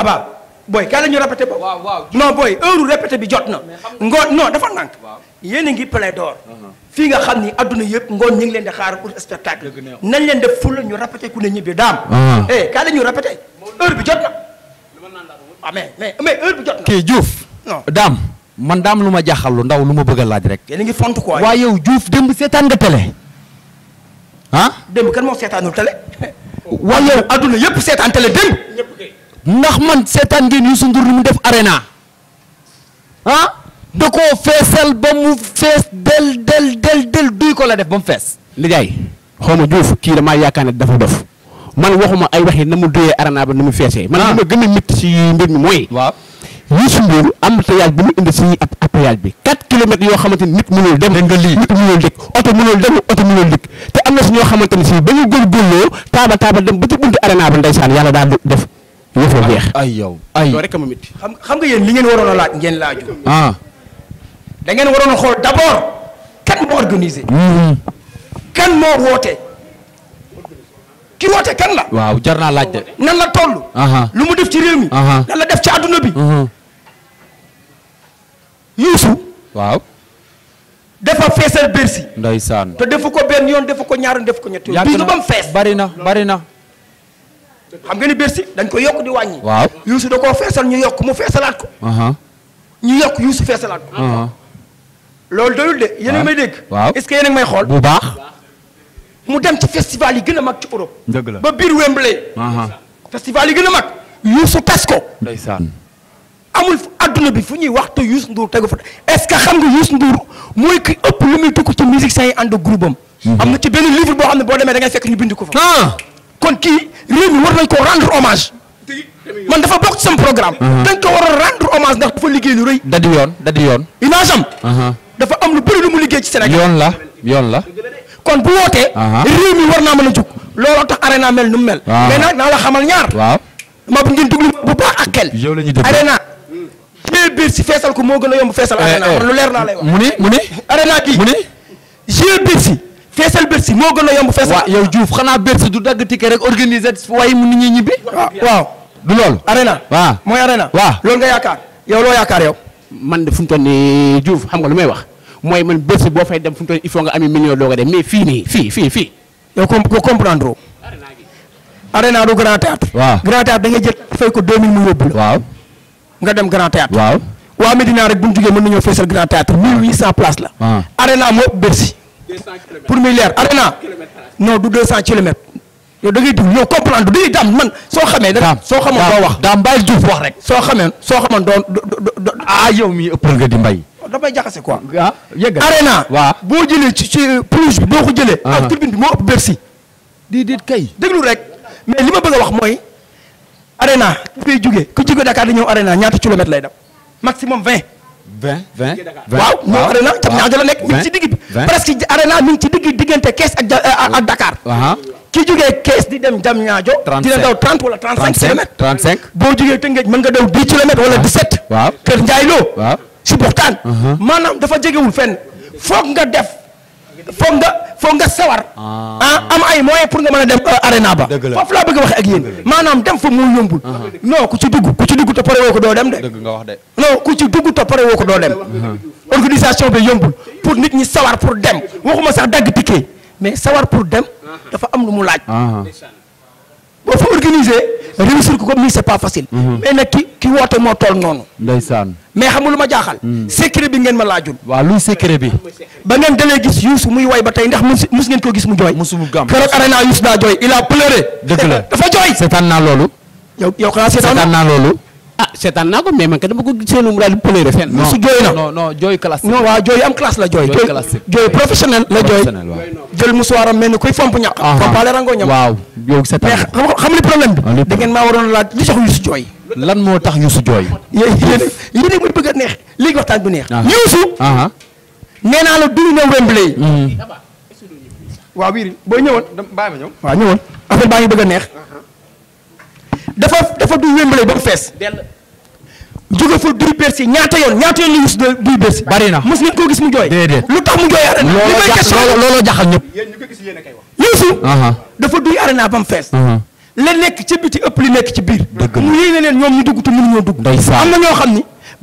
abaa ah, booy kaay la ñu répété boobu. waaw waaw non booy heure répété bi jot na. ngoon non dafa nànk. yéen a ngi plaidoyer. Uh-huh. fii nga xam ni àdduna yëpp ngoon ñu ngi leen di xaar pour spectacle. nañ leen def ful ñu répété ku ne ñibbi daam. Uh-huh. eh kaay la ñu répété heure bi jot na. ah bi jot na. kii Diouf. daam man daam lu ma jaxal lu ndaw lu ma bëgg a laaj rek. yéen a ngi font quoi. waaye yow Diouf démb seetaan nga télé. ah démb kan moo seetaanul télé. waaye yow adduna yëpp seetaan télé démb. ndax man seetaan ngeen Youssou Ndour lu mu def arena ah da koo feesal ba mu fees del del del duy ko la def ba mu fees lijaay xaw ma Diouf kii damaa yaakaar ne dafa dof man waxuma ay waxi na mu doyee arena ba na mu feesee man li ah. ma gën a métti si mbir mi mooy waaw Youssou Ndour embouteillage bi mu indi si ab embouteillage bi 4 kilomètres yoo xamante ni nit dem nga lii nit mënul dëkk oto mënul dem oto dëkk te am na si ñoo xamante ne si ba ñu góorgóorloo taaba taaba dem ba ci buntu arena bi ndeysaan yàlla daal def yëf a jeex ay yow a ma métti xam xam nga yéen li ngeen waroon a laaj ngeen laaju ah da ngeen a xool d'abord kan moo organisé hmm. kan moo woote ki woote kan la waaw jar naa laaj nan la toll lu mu def ci réew mi nan la def ci adduna bi Youssou waaw dafa feesal Bercy ndeysaan te defu ko benn yoon defu ko ñaar yoon defu ko ñett yoon bisu ba mu fees bari na bari na xam nga ni Bercy dañ koy yokk di wàññi. waaw Youssou da koo feesal ñu yokk mu feesalaat ko. ñu yokk Youssou feesalaat ko. loolu doyul de yéen a may dégg. waaw est-ce que yéen may xool bu baax. mu dem ci festival yi gën a mag ci Europe. dëgg la ba biir Wembley. festival yi gën a mag. Youssou tas ko. ndeysaan. amul adduna bi fu ñuy wax te Youssou Ndour tegu fa est-ce que xam nga Youssou Ndour mooy ki ëpp lu muy dugg ci musiciens yi ànd groupe mhm. am. na ci benn livre boo xam ne boo demee da ngay fekk ñu bind ko fa. Ah! kon kii réew mi war nañ ko rendre hommage man dafa bokk sam sama programme. Mhm. dañ ko war a rendre hommage ndax dafa liggéey lu rey da di yoon da di yoon. Uh-huh. dafa am lu bëri lu mu liggéey ci Sénégal. yoon la yoon la. kon bu wootee. Uh-huh. réew mi war naa mën a jug. looloo tax arena mel nu mel. waaw naa la xamal ñaar. waaw ma bu ngeen duglu bu baax ak yow la ñuy déglu arena. jiyee biir si feesal ko moo gën a yomb feesal. Eh, arena eh. lu leer naa lay wax. mu ni mu ni. arena kii mu ni si. feesal Bercy moo gën a yomb feesal. waaw yow Diouf xanaa Bercy du dagg ticket rek organiser waaye mu nit ñi ñibbi. waaw du loolu. arena waaw mooy arena. waaw loolu nga yaakaar yow loo yaakaar yow. man de fu mu toll nii Diouf xam nga lu may wax mooy man Bercy boo fay dem fu mu toll il faut nga ami million doo ko dem mais fii nii fii fii fii. yow comp comprendre loo. arena du grand théâtre. waaw grand théâtre da nga jël fay ko 2000 mu yóbbu la. waaw nga dem grand théâtre. waa Medina rek bu ñu jugee mën nañoo feesal pour muy leer arena non du 200 kilomètres. yow da ngay déglu yow comprendre du daam man soo xamee. daam soo xamoon doo wax daam bàyyi Diouf wax rek. soo xamee soo xamoon doo ah yow mii ëppal nga di mbay. Oh, damay jaxase quoi. ah yëgg arena waaw boo jëlee ci ci pelouse bi boo ko jëlee. ak ah. tribune bi moo ëpp Bercy. di di kay. déglu rek mais li ma bëgg a wax mooy. arena fi may jugee ku jugee Dakar di ñëw arena ñaata kilomètres lay def maximum 20. 20 20 waaw moom arena jam ñaajo la nekk mi ngi ci digg bi presque arena mi ngi ci digg diggante Kees ak euh, ak ki jógee Kees di dem jam ñaajo dina daw 30 wala 35 kilomètres 35 boo jógee Tëngéej mën nga daw 10 kilomètres wala 17 waaw Kër Ndiaye Lo si Boxtaan maanaam dafa jegewul fen foog nga def foog nga foog nga sawar ah. Ah, am ay moyens pour nga mën a dem euh, arena ba foofu laa bëgg a waxe ak yéen maanaam dem fa moo yombul ah. non ku ci dugg ku ci dugg toppare woo ko doo dem de non ku ci dugg toppare woo ko doo dem organisation bi yombul pour nit ñi sawar pour dem waxuma sax dagg ticket mais sawar pour dem dafa am lu mu laaj boo fa organisé réussir ko comme nii c'est pas facile. Mhm. mais nag ki ki woote moo toll noonu. ndeysaan mais xam nga lu ma jaaxal. Mhm. secret bi ngeen ma laajul. waaw luy secret bi. ba ngeen dalee gis Youssou muy way ba tey ndax mus mus ngeen ko gis mu jooy. musumul gàmm keroog arena Youssou daa jooy il a dëgg la dafa jooy. seetaan naa loolu. yow yow xanaa seetaan naa loolu. ah seetaan naa ko mais man kat dama ko seenu mu daal di pëlëre fenn. su jooy na non non jooy classique. non waaw jooy am classe la jooy. jooy jooy jooy. Ah, bi. Ah, da ngeen jooy. lan moo tax Youssou jooy. yéen yéen a bëgg a neex léegi waxtaan bu neex. Ah. Youssou. nee naa la duñu ñëw Wembley. Mm-hmm. waaw ñëwoon bàyyi baa ngi bëgg a neex uh-huh. dafa du Wembley ba mu fees. jóge fa duy Bercy ñaata yoon ñaata yoon li yus duy Bercy. bari na mos nañ koo gis mu jooy. déedéet lu tax mu jooy arena. li may question looloo jaxal ñëpp. Youssou. dafa duy arena ba mu fees. la nekk ci biti ëpp li nekk ci biir. dëgg la mu yéene leen ñoom ñu dugg te mënuñoo dugg. am na ñoo xam ni.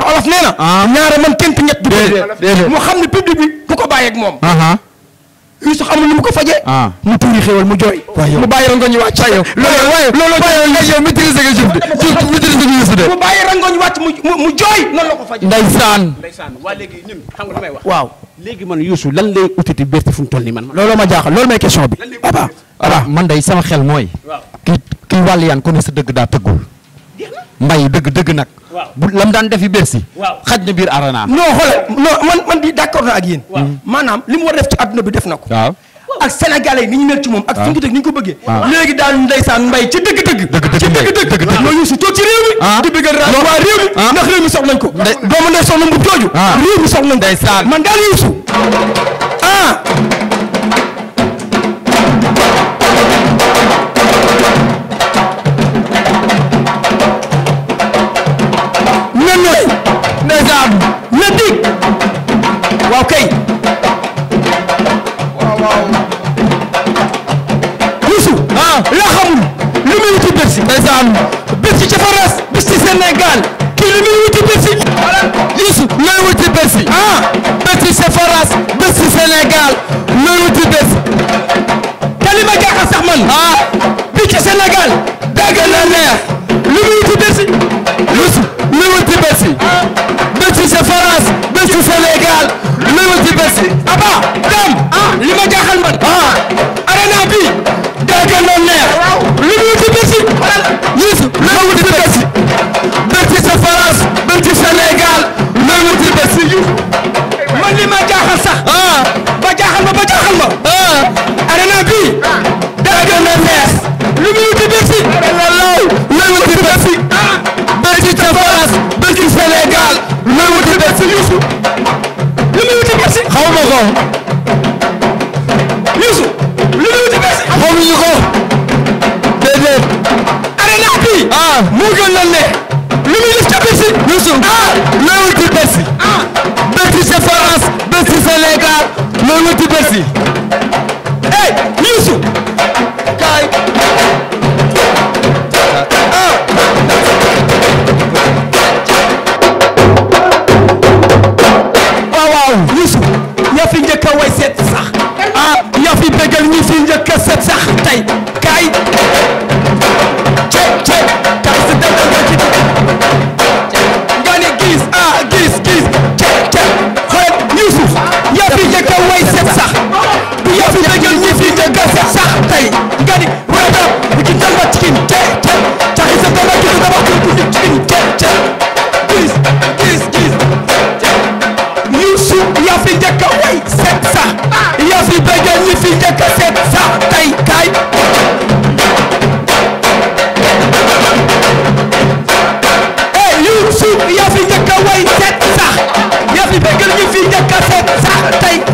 te olof nee na. Ah. ñaare man tënt ñett. déedéet mu xam ne public bi du ko bàyyeeg moom. yu sax amul nu mu ko faje ah. mu tuuri xéwal mu jooy. mu bàyyi rangoñ wàcc. waaye waaye looloo waaye yow maîtrise nga jëf de jëf mu bàyyi mu jooy noonu la ko fajee. ndeysaan. ndeysaan waa léegi ñun xam nga li may wax. waaw léegi man Youssou lan lay utiti bérti fu mu toll nii man. looloo ma jaaxal loolu may question bi. lan lay man day sama xel mooy. waaw kii kii wàll yaan ne sa dëgg daa tëggul mbay dëgg dëgg nag. bu lam daan defi bersi. xaj na biir arena. non xoolal non man di d'accord na ak yéen. Hmm. maanaam li mu war a def ci adduna bi def na ko. ak sénégalais ni ñu mel ci moom ak suñu tëg ni ñu ko bëggee léegi daal ndeysaan mbay ci dëgg dëgg ci dëgg dëgg ñooñu su toog ci réew mi ah. di bëggal ra waa réew mi ah. ndax réew mi soxlañ ko doomu ndey soxla bu jooju ah. réew mi soxlañ ko man daal yuusu ah Ndoye ndeysaan le dik waaw kay waaw waaw Youssou ah, lu muy wuti lu muy wuti Bercy Youssou looy wuti Bercy ah Sénégal looy wuti Bercy tali ma jaaxal sax man ah bi ci Sénégal lu muy wuti Sénégal loolu ci bés Aba Dame ah li ma jaaxal man. Ah. loolu la ci Bercy. hey Youssou kaay. sax tey